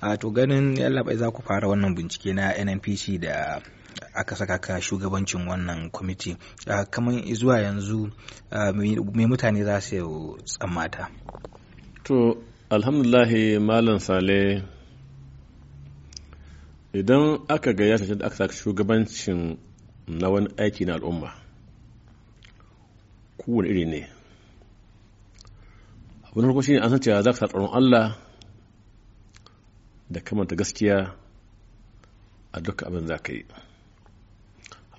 a to ganin yallaɓai za ku fara wannan bincike na nnpc da aka saka ka shugabancin wannan kwamiti kamar zuwa yanzu mai mutane za su tsammata to alhamdulahi malam sale idan aka ga yasa da aka saka shugabancin na wani aiki na al'umma kowane iri ne abin shi ne an san cewa za ka sa tsaron allah da kamanta gaskiya a duk abin za ka yi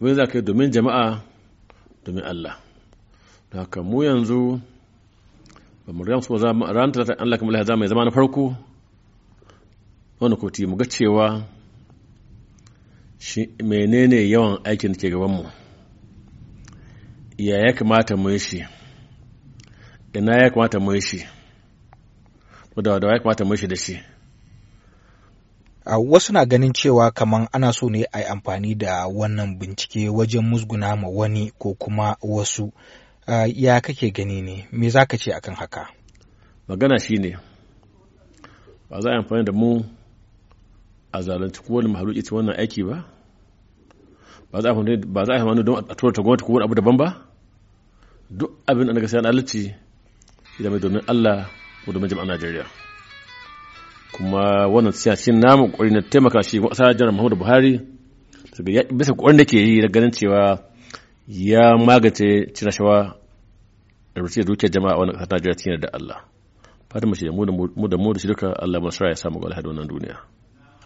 abin za ka yi domin jama'a domin Allah da haka mu yanzu ba mu ramsu ran talatin Allah kamar ya zama ya zama na farko wani koti mu ga cewa menene yawan aikin da ke gabanmu ya ya kamata mu yi shi ina ya kamata mu yi shi da ya kamata mu yi shi da shi A wasu na ganin cewa kamar ana so ne a yi amfani da wannan bincike wajen musguna ma wani ko kuma wasu ya kake gani ne me za ka ce akan haka magana shi ne ba za a amfani da mu a zalunci kowane mahaluki ta wannan aiki ba ba za a amfani don a tura ta gwamnati ko wani abu daban ba duk abin da na gasa yana alci idan mai domin allah ko domin jama'a najeriya kuma wannan siyashin namu ƙwari na taimaka shi ƙasa janar muhammadu buhari bisa ƙwarin da ke yi da ganin cewa ya magance cin rashawa da rusiyar dukiyar jama'a wannan ƙasar najeriya cikin da allah fatan mu shi da mu da mu da shi duka allah masu ya samu ga alhadu nan duniya